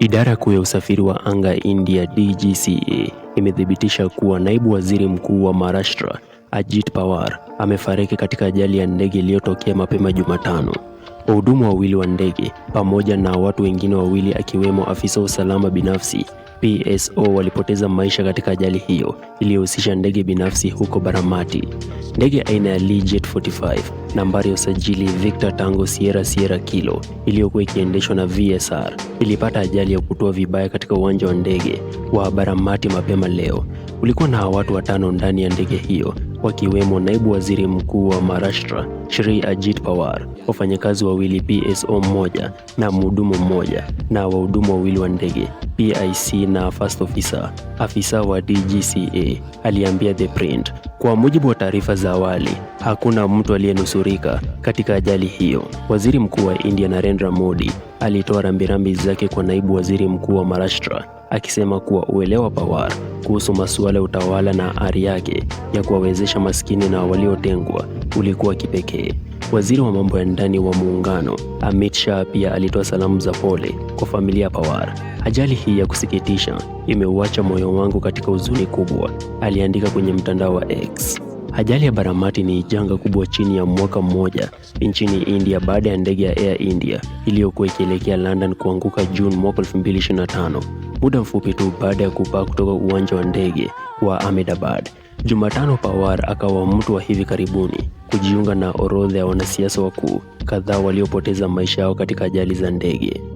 Idara kuu ya usafiri wa anga India DGCA imethibitisha kuwa naibu waziri mkuu wa Maharashtra Ajit Pawar amefariki katika ajali ya ndege iliyotokea mapema Jumatano. Wahudumu wawili wa ndege pamoja na watu wengine wawili akiwemo afisa usalama binafsi PSO walipoteza maisha katika ajali hiyo iliyohusisha ndege binafsi huko Baramati. Ndege aina ya Learjet 45 nambari ya usajili Victor Tango Sierra Sierra Kilo iliyokuwa ikiendeshwa na VSR ilipata ajali ya kutua vibaya katika uwanja wa ndege wa Baramati mapema leo. Kulikuwa na watu watano ndani ya ndege hiyo, wakiwemo naibu waziri mkuu wa Maharashtra Shri Ajit Pawar, wafanyakazi wawili PSO mmoja na mhudumu mmoja, na wahudumu wawili wa ndege PIC na first officer, afisa wa DGCA aliambia The Print. Kwa mujibu wa taarifa za awali, hakuna mtu aliyenusurika katika ajali hiyo. Waziri Mkuu wa India Narendra Modi alitoa rambirambi zake kwa naibu waziri mkuu wa Maharashtra akisema kuwa uelewa Pawar kuhusu masuala ya utawala na ari yake ya kuwawezesha maskini na waliotengwa ulikuwa kipekee. Waziri wa mambo ya ndani wa muungano Amit Shah pia alitoa salamu za pole kwa familia ya Pawar. Ajali hii ya kusikitisha imeuacha moyo wangu katika huzuni kubwa, aliandika kwenye mtandao wa X. Ajali ya Baramati ni janga kubwa chini ya mwaka mmoja nchini India baada ya ndege ya Air India iliyokuwa ikielekea London kuanguka juni mwaka 2025 muda mfupi tu baada ya kupaa kutoka uwanja wa ndege wa Ahmedabad. Jumatano, Pawar akawa mtu wa hivi karibuni kujiunga na orodha ya wanasiasa wakuu kadhaa waliopoteza maisha yao katika ajali za ndege.